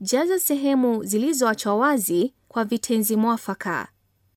Jaza sehemu zilizoachwa wazi kwa vitenzi mwafaka.